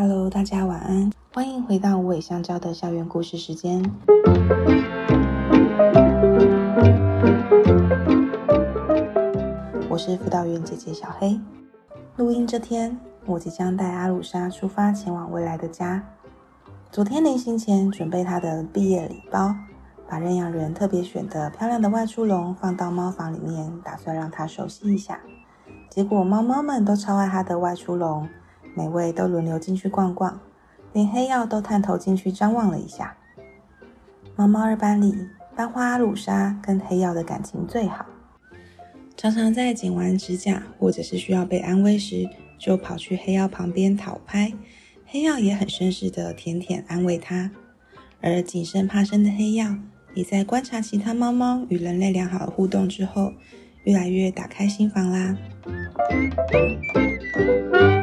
Hello，大家晚安，歡迎回到無尾香蕉的校園故事時間。我是輔導員姐姐小黑。錄音這天，我即將帶阿魯莎出發前往未來的家。昨天臨行前，準備她的畢業禮包，把認養人特別選的漂亮的外出籠放到貓房裡面，打算讓她熟悉一下。結果貓貓們都超愛她的外出籠。每位都輪流進去逛逛，連黑曜都探頭進去張望了一下。貓貓二班裡，班花阿魯莎跟黑曜的感情最好，常常在剪完指甲或者是需要被安慰時，就跑去黑曜旁邊討拍，黑曜也很紳士的舔舔安慰它。而謹慎怕生的黑曜，也在觀察其他貓貓與人類良好的互動之後，越來越打開心房啦。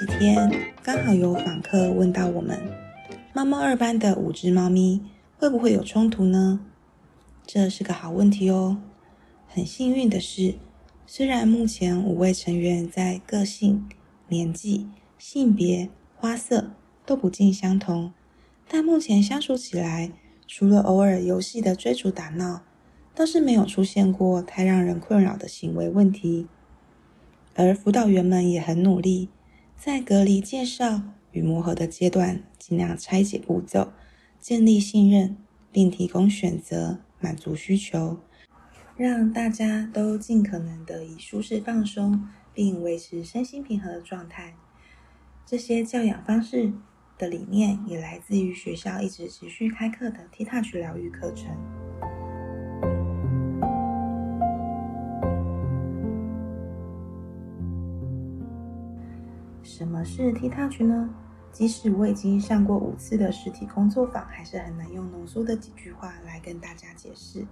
這幾天剛好有訪客問到我們，貓貓二班的五只貓咪會不會有衝突呢？這是個好問題哦。很幸運的是，雖然目前五位成員在個性、年紀、性別、花色都不盡相同，但目前相處起來，除了偶爾遊戲的追逐打鬧，倒是沒有出現過太讓人困擾的行為問題。而輔導員們也很努力。在隔離介紹與磨合的階段，盡量拆解步驟，建立信任，並提供選擇，滿足需求，讓大家都盡可能的以舒適放鬆，並維持身心平和的狀態。這些教養方式的理念也來自於學校一直持續開課的 T Touch 療癒課程。什麼是 T touch 呢？即使我已經上過五次的實體工作坊，還是很難用濃縮的幾句話來跟大家解釋。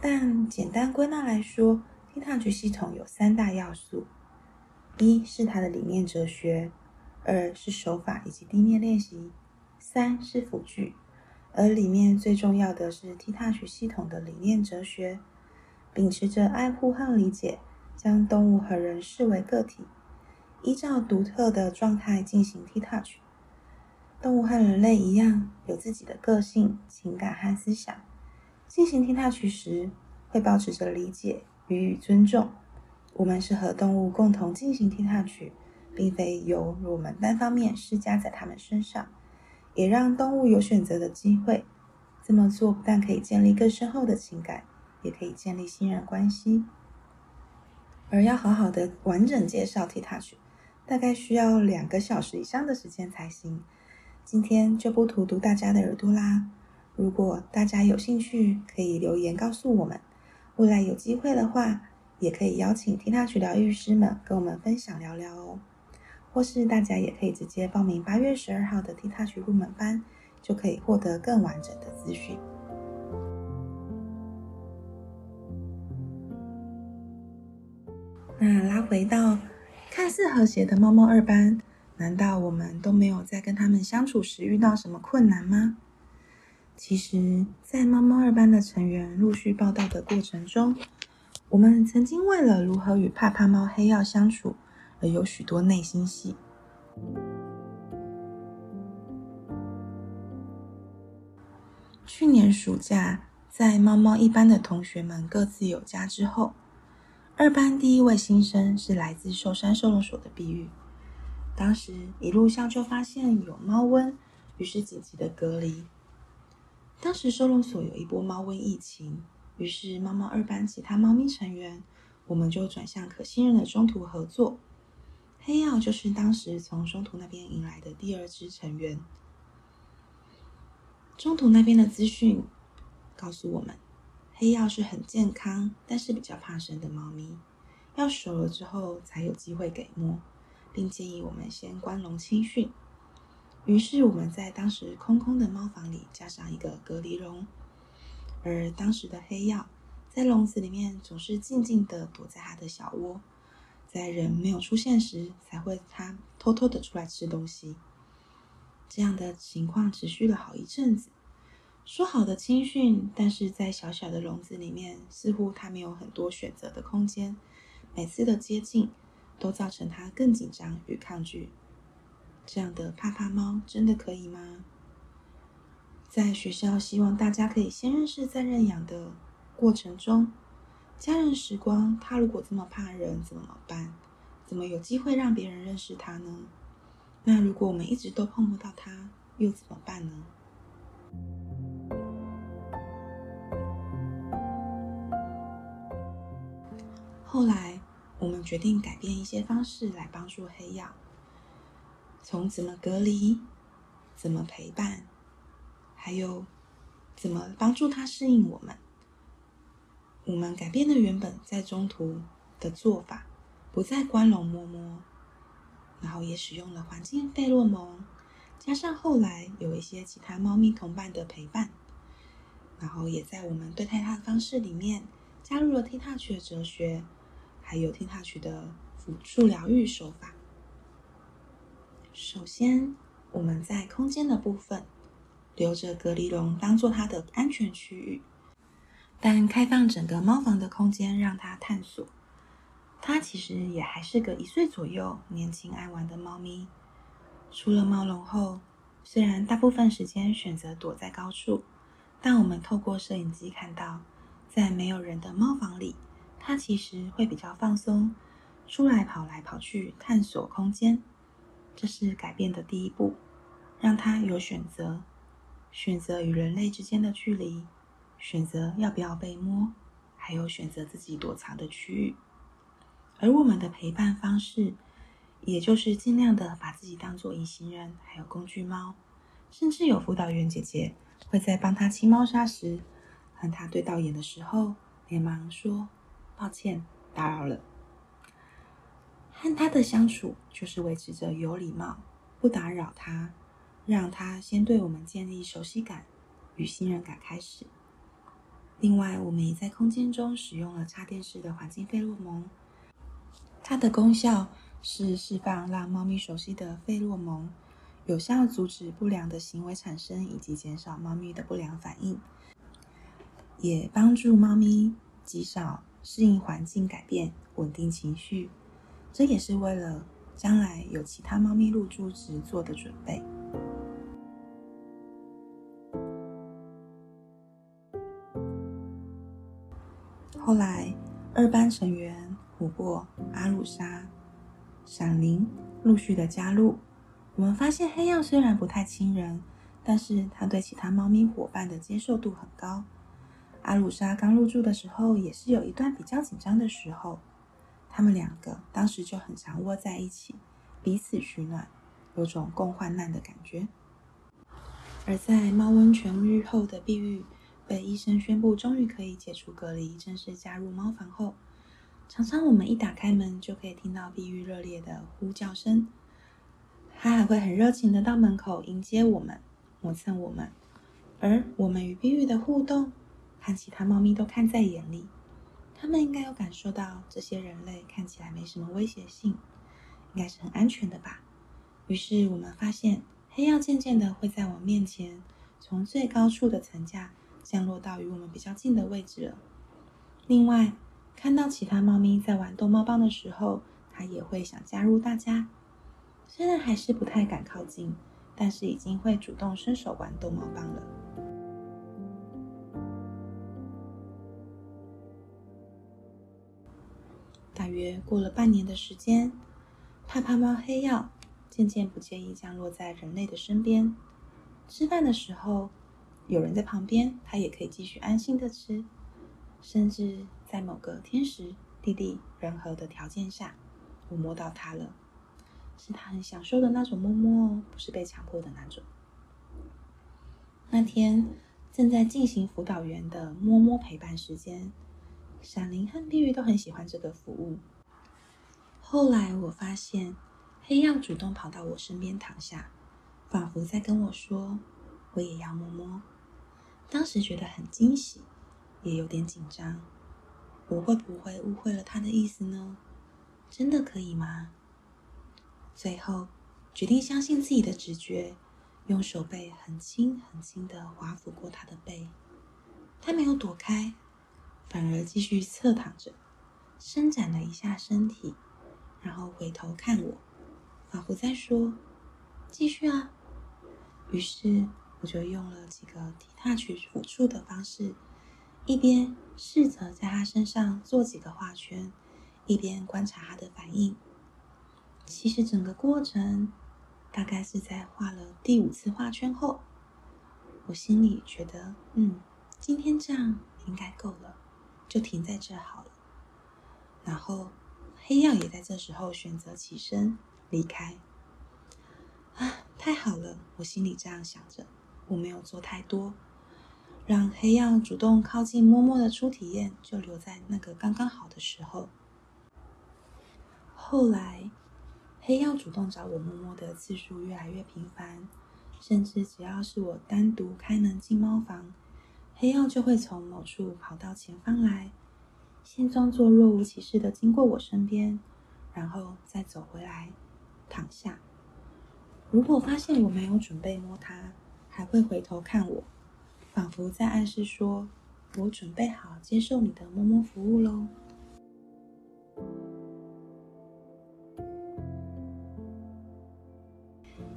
但簡單歸納來說，T touch 系統有三大要素：一是它的理念哲學；二是手法以及地面練習；三是輔具。而裡面最重要的是 T touch 學系統的理念哲學，秉持着愛護和理解，將動物和人視為個體。依照獨特的狀態進行 TTouch，動物和人類一樣有自己的個性、情感和思想。進行 TTouch 時，會保持着理解與尊重。我們是和動物共同進行 TTouch，並非由我們單方面施加在他們身上，也讓動物有選擇的機會。這麼做不但可以建立更深厚的情感，也可以建立信任關係。而要好好的完整介紹 TTouch，T ouch，大概需要兩個小時以上的時間才行。今天就不荼毒大家的耳朵啦。如果大家有興趣，可以留言告訴我們。未來有機會的話，也可以邀請 TTouch 療癒師們跟我們分享聊聊哦。或是大家也可以直接報名八月十二號的 TTouch 入門班，就可以獲得更完整的資訊。那拉回到。看似和諧的貓貓二班，難道我們都沒有在跟他們相處時遇到什麼困難嗎？其實，在貓貓二班的成員陸續報到的過程中，我們曾經為了如何與怕怕貓黑曜相處而有許多內心戲。去年暑假，在貓貓一班的同學們各自有家之後，二班第一位新生是來自壽山收容所的碧玉，當時一路上就發現有貓瘟，於是緊急的隔離。當時收容所有一波貓瘟疫情，於是貓貓二班其他貓咪成員，我們就轉向可信任的中途合作。黑曜就是當時從中途那邊迎來的第二隻成員。中途那邊的資訊告訴我們。黑曜是很健康，但是比較怕生的貓咪，要熟了之後才有機會給摸，並建議我們先關籠親訓。於是我們在當時空空的貓房裡加上一個隔離籠，而當時的黑曜在籠子裡面總是靜靜的躲在他的小窩，在人沒有出現時才會他偷偷的出來吃東西。這樣的情況持續了好一陣子。說好的親訓，但是在小小的籠子裡面，似乎它沒有很多選擇的空間。每次的接近，都造成它更緊張與抗拒。這樣的怕怕貓真的可以嗎？在學校，希望大家可以先認識，再認養的過程中，家人時光，他如果這麼怕人怎麼辦？怎麼有機會讓別人認識他呢？那如果我們一直都碰不到他，又怎麼辦呢？後來，我們決定改變一些方式來幫助黑曜，從怎麼隔離，怎麼陪伴，還有怎麼幫助他適應我們。我們改變了原本在中途的做法，不再關籠摸摸，然後也使用了環境費洛蒙，加上後來有一些其他貓咪同伴的陪伴，然後也在我們對待他的方式裡面加入了 T-Touch 的哲學。還有聽它取的輔助療癒手法。首先，我們在空間的部分留着隔離籠當做它的安全區域，但開放整個貓房的空間讓它探索。它其實也還是個一歲左右、年輕愛玩的貓咪。出了貓籠後，雖然大部分時間選擇躲在高處，但我們透過攝影機看到，在沒有人的貓房裡。它其實會比較放鬆，出來跑來跑去探索空間，這是改變的第一步，讓它有選擇，選擇與人類之間的距離，選擇要不要被摸，還有選擇自己躲藏的區域。而我們的陪伴方式，也就是盡量的把自己當做隱形人，還有工具貓，甚至有輔導員姐姐會在幫它清貓砂時，和它對到眼的時候，連忙說。抱歉，打擾了。和它的相處就是維持着有禮貌，不打擾它，讓它先對我們建立熟悉感與信任感開始。另外，我們也在空間中使用了插電式的環境費洛蒙，它的功效是釋放讓貓咪熟悉的費洛蒙，有效阻止不良的行為產生以及減少貓咪的不良反應，也幫助貓咪減少，適應環境改變，穩定情緒，這也是為了將來有其他貓咪入住時做的準備。後來，二班成員琥珀、阿魯莎、閃靈陸續的加入，我們發現黑曜雖然不太親人，但是他對其他貓咪夥伴的接受度很高。阿魯莎剛入住的時候，也是有一段比較緊張的時候。他們兩個當時就很常窩在一起，彼此取暖，有種共患難的感覺。而在貓瘟痊癒後的碧玉被醫生宣布終於可以解除隔離，正式加入貓房後，常常我們一打開門就可以聽到碧玉熱、熱烈的呼叫聲，它還會很熱情地到門口迎接我們，磨蹭我們。而我們與碧玉的互動。和其他貓咪都看在眼裡，它們應該有感受到這些人類看起來沒什麼威脅性，應該是很安全的吧。於是我們發現黑曜漸漸的會在我面前，從最高處的層架降落到與我們比較近的位置了。另外，看到其他貓咪在玩逗貓棒的時候，它也會想加入大家，雖然還是不太敢靠近，但是已經會主動伸手玩逗貓棒了。過了半年的時間，怕怕貓黑曜漸漸不介意降落在人類的身邊。吃飯的時候，有人在旁邊，他也可以繼續安心的吃。甚至在某個天時地利人和的條件下，我摸到他了，是他很享受的那種摸摸哦，不是被強迫的那種。那天正在進行輔導員的摸摸陪伴時間，閃靈和碧玉都很喜歡這個服務。後來我發現，黑曜主動跑到我身邊躺下，仿佛在跟我說：“我也要摸摸。”當時覺得很驚喜，也有點緊張，我會不會誤會了他的意思呢？真的可以嗎？最後決定相信自己的直覺，用手背很輕很輕地劃撫過他的背，他沒有躲開，反而繼續側躺着，伸展了一下身體。然後回頭看我，仿佛在說：“繼續啊！”於是我就用了幾個替他去撫觸的方式，一邊試着在他身上做幾個畫圈，一邊觀察他的反應。其實整個過程大概是在畫了第五次畫圈後，我心裡覺得：“嗯，今天這樣應該夠了，就停在這兒好了。”然後。黑曜也在這時候選擇起身離開。啊，太好了，我心裡這樣想着。我沒有做太多，讓黑曜主動靠近摸摸的初體驗就留在那個剛剛好的時候。後來，黑曜主動找我摸摸的次數越來越頻繁，甚至只要是我單獨開門進貓房，黑曜就會從某處跑到前方來。先裝作若無其事的經過我身邊，然後再走回來，躺下。如果發現我沒有準備摸它，還會回頭看我，仿佛在暗示說：“我準備好接受你的摸摸服務嘍。”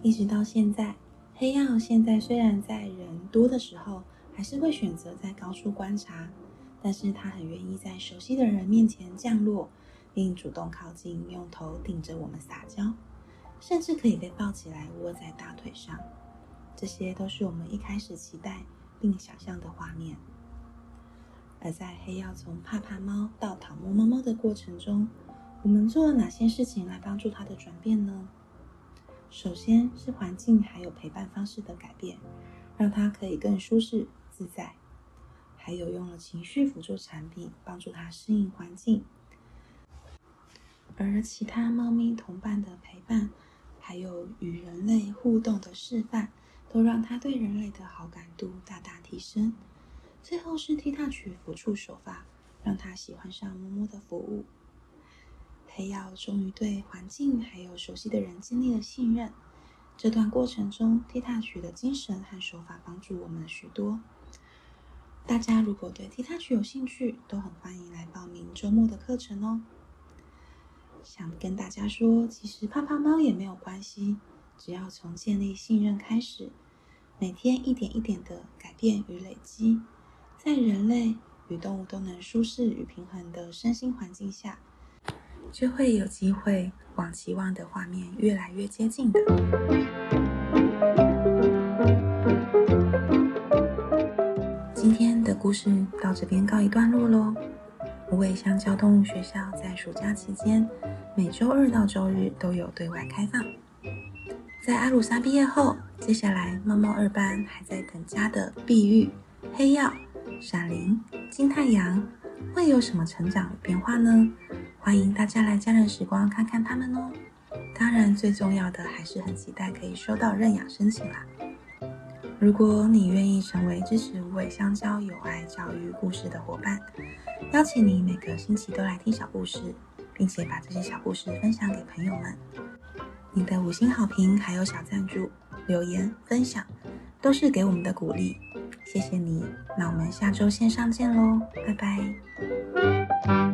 一直到現在，黑曜現在雖然在人多的時候，還是會選擇在高處觀察。但是他很願意在熟悉的人面前降落，並主動靠近，用頭頂着我們撒嬌，甚至可以被抱起來窩在大腿上。這些都是我們一開始期待並想象的畫面。而在黑曜從怕怕貓到討摸貓貓的過程中，我們做了哪些事情來幫助它的轉變呢？首先是環境還有陪伴方式的改變，讓它可以更舒適自在。還有用了情緒輔助產品，幫助他適應環境；而其他貓咪同伴的陪伴，還有與人類互動的示範，都讓他對人類的好感度大大提升。最後是 TTouch 輔助手法，讓他喜歡上摸摸的服務。黑曜終於對環境還有熟悉的人建立了信任。這段過程中，TTouch 的精神和手法幫助我們許多。大家如果對吉他曲有興趣，都很歡迎來報名週末的課程哦。想跟大家說，其實怕怕貓也沒有關係，只要從建立信任開始，每天一點一點的改變與累積，在人類與動物都能舒適與平衡的身心環境下，就會有機會往期望的畫面越來越接近的。故事到這邊告一段落嘍。無尾香蕉動物學校在暑假期間，每周二到周日都有對外開放。在阿魯莎畢業後，接下來貓貓二班還在等家的碧玉、黑曜、閃靈、金太陽，會有什麼成長與變化呢？歡迎大家來家人時光看看他們哦。當然，最重要的還是很期待可以收到認養申請啦、啊。如果你願意成為支持無尾香蕉有愛教育故事的夥伴，邀請你每個星期都來聽小故事，並且把這些小故事分享給朋友們。你的五星好評還有小贊助、留言、分享，都是給我們的鼓勵，謝謝你。那我們下周線上見嘍，拜拜。